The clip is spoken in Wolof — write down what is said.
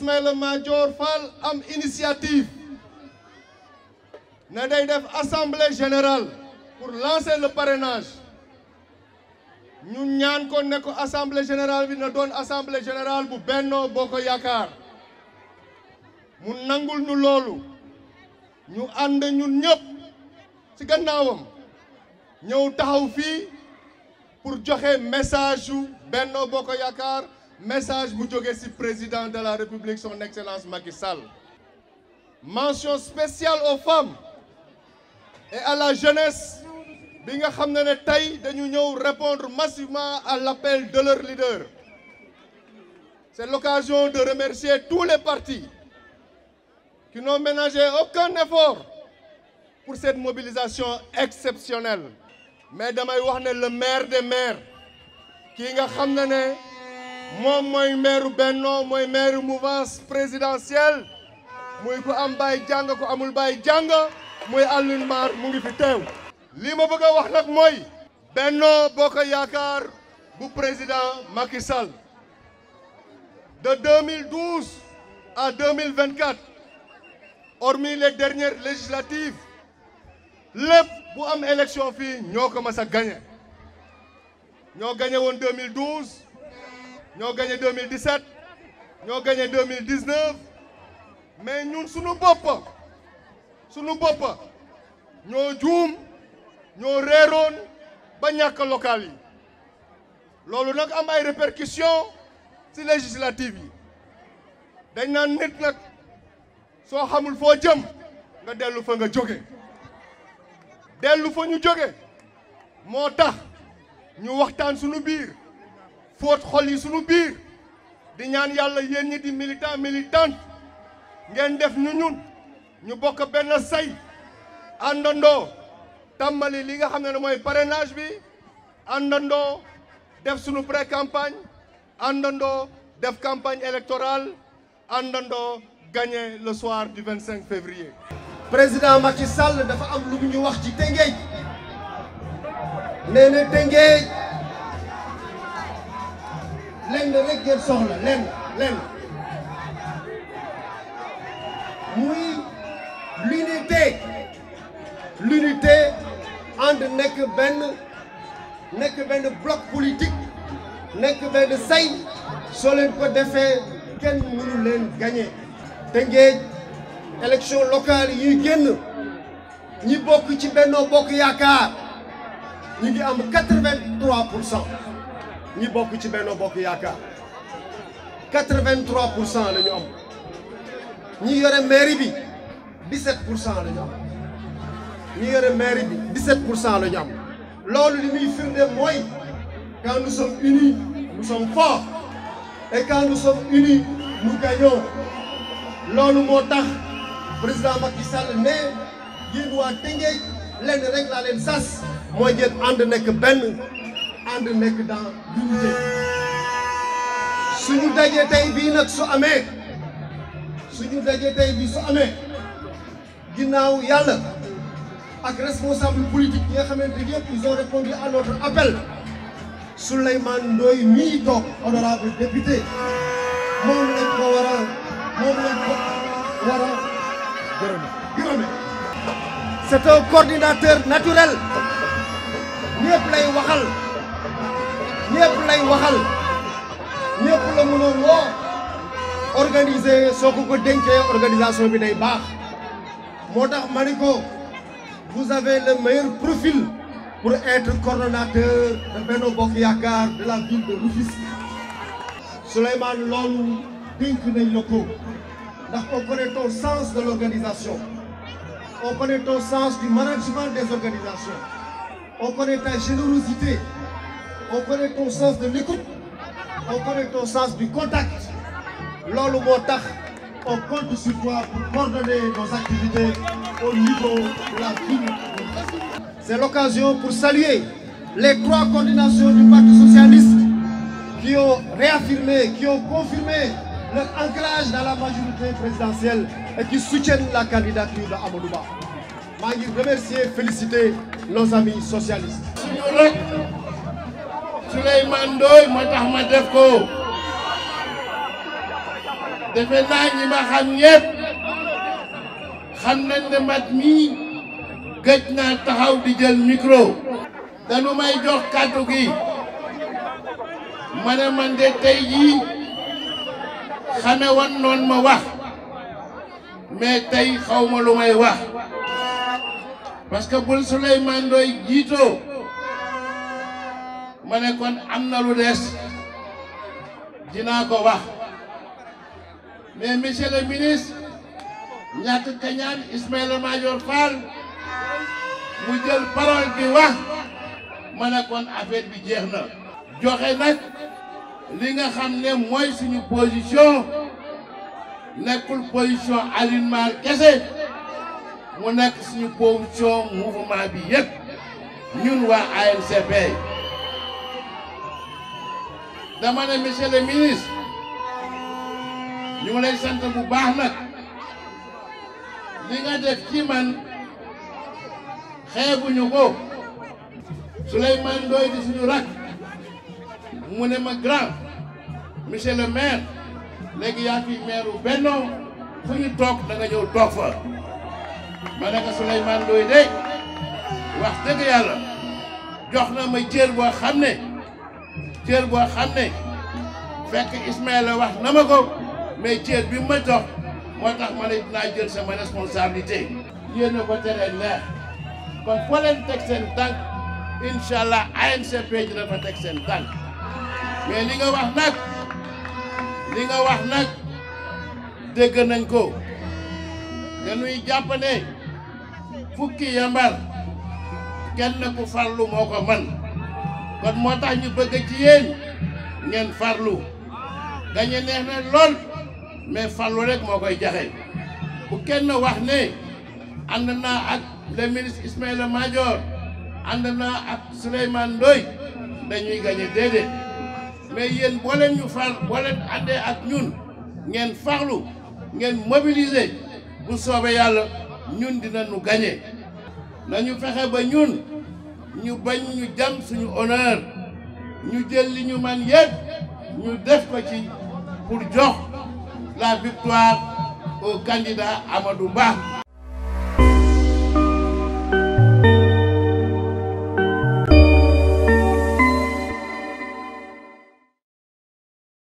Ismaïla Madior Fall am initiative ne day def assemblée générale pour lancer le parrainage ñu ñaan ko ne ko assemblée générale bi na doon assemblée générale bu boo ko Yaakaar mu nangul ñu loolu ñu ànd ñun ñëpp ci gannaawam ñëw taxaw fii pour joxe message yu Benno ko Yaakaar message bu président de la république son excellence Macky Sall mention spéciale aux femmes et à la jeunesse bi nga répondre massivement à l'appel de leur leader c'est l'occasion de remercier tous les partis qui n'ont ménagé aucun effort pour cette mobilisation exceptionnelle mais et messieurs le maire des maires qui nga suis le maire Benno mooy maire mouvance présidentielle am amul suis Mar Benno Yakar, bu président Macky Sall de 2012 à 2024 hormis les dernières législatives les bu am élection fii ñoo ko nyoka suis gagné gagné 2012 avons gagné 2017 avons gagné 2019 mais nous suñu sommes suñu bopp nous sommes ñoo nous ba ñàkk Nous yi Nous am ay répercussions ci législative yi dañ nan nit nak so xamul le jëm nga fa nga fa ñu ñu waxtaan suñu biir faut biir di ñaan di militant militante ngeen def ñu ñun ñu bokk ben say Andando li nga def campagne Andando. def campagne électorale Andando. le soir du 25 février. président Macky Sall dafa lu lenn rek ngeen soxla lenn lenn muy l'unité l'unité and nek ben, nek ben bloc politique ben benn say so len ko defee ken mënu len gagner te ngeen élection locale yi génn ñi bok ci Benno bok Yaakaar ñu ngi am 83 pour cent ñi bokk ci benn Benno Bokk Yaakaar 83 pour cent la ñu am ñi yore mairie bi 17 pour cent la ñu am ñi yore mairie bi 17 pour cent la ñu am loolu li muy firnde mooy quand nous sommes unis nous sommes forts loolu moo tax président Macky Sall ne yéen waa Tëngéej lenn rek laa leen sas mooy ngeen ànd nekk benn. ànd nekk suñu daje tey bii nag su amee suñu daje tey bii su amee ginnaaw yàlla ak responsable politique yi nga xamante ne yëpp ils ont répondu à notre appel Souleymane Ndoye mii toog honorable député moom lañ ko a moom lañ ko war naturel ñëpp lay waxal ñëpp lay waxal ñëpp la pour woo organiser soo ko ko organisation bi day bax motax vous avez le meilleur profil pour être coordonnateur de Benno Bokk yakar de la ville de Rufisque Souleymane lolou denk nañ la ndax on connaît ton sens de l'organisation on connaît ton sens du management des organisations on connaît ta générosité on connaît ton sens de l'écoute on connaît ton sens du contact lors au on compte sur toi pour coordonner nos activités au niveau de la ville. C'est l'occasion pour saluer les trois coordinations du Parti socialiste qui ont réaffirmé, qui ont confirmé leur ancrage dans la majorité présidentielle et qui soutiennent la candidature de Amadouba. Je remercier et féliciter nos amis socialistes. Souleymane Ndoye tax ma def ko defe naa ma xam ñëpp xam nañ ne mat mii gëj naa taxaw di jël micro dañu may jox kàddu gi ma ne man de tey jii xame woon noon ma wax mais tey xaw lu may wax parce que bul Souleymane jiitoo ma am na lu des dinaa ko wax mais monsieur le ministre kañaan Ismaïla Madior mu jël parole bi wax ma ne affaire bi jeex na joxe nag li nga xam ne mooy suñu position nekkul position Alioune Mar kese mu nekk suñu position mouvement bi yëpp ñun waa ANCP dama ne monsieur le ministre ñu ngi lay sant bu baax nag li nga def ci man xeebuñu ko Souleymane Ndoye di suñu rak mu ne ma grand monsieur le maire léegi yaa fi maire benno fu ñu toog da nga toog fa ma ne ko Souleymane de wax dëgg yàlla jox na ma cër boo xam ne cër boo xam ne fekk Ismaïla wax na ma ko mais cër bi ma jox moo tax ma ne dinaa jël sama responsabilité. yéen a ko tere leer kon foo leen teg seen tànk incha allah ANCP dina fa teg seen tànk mais li nga wax nag li nga wax nag dégg ko dañuy jàpp ne fukki yambar kenn ku farlu moo ko mën. kon moo tax ñu bëgg ci yéen ngeen farlu gañe neex na lool mais farlu rek moo koy jaxe ku kenn wax ne ànd na ak le ministre Ismaïla Madior ànd na ak Souleymane Ndoye dañuy gañe déedéet mais yéen boo leen ñu far boo leen ak ñun ngeen farlu ngeen mobiliser bu soobee yàlla ñun dina ñu gañe nañu fexe ba ñun ñu bañ ñu jam suñu honneur ñu jël li ñu man yépp ñu def ko ci pour jox la victoire au candidat Amadou Ba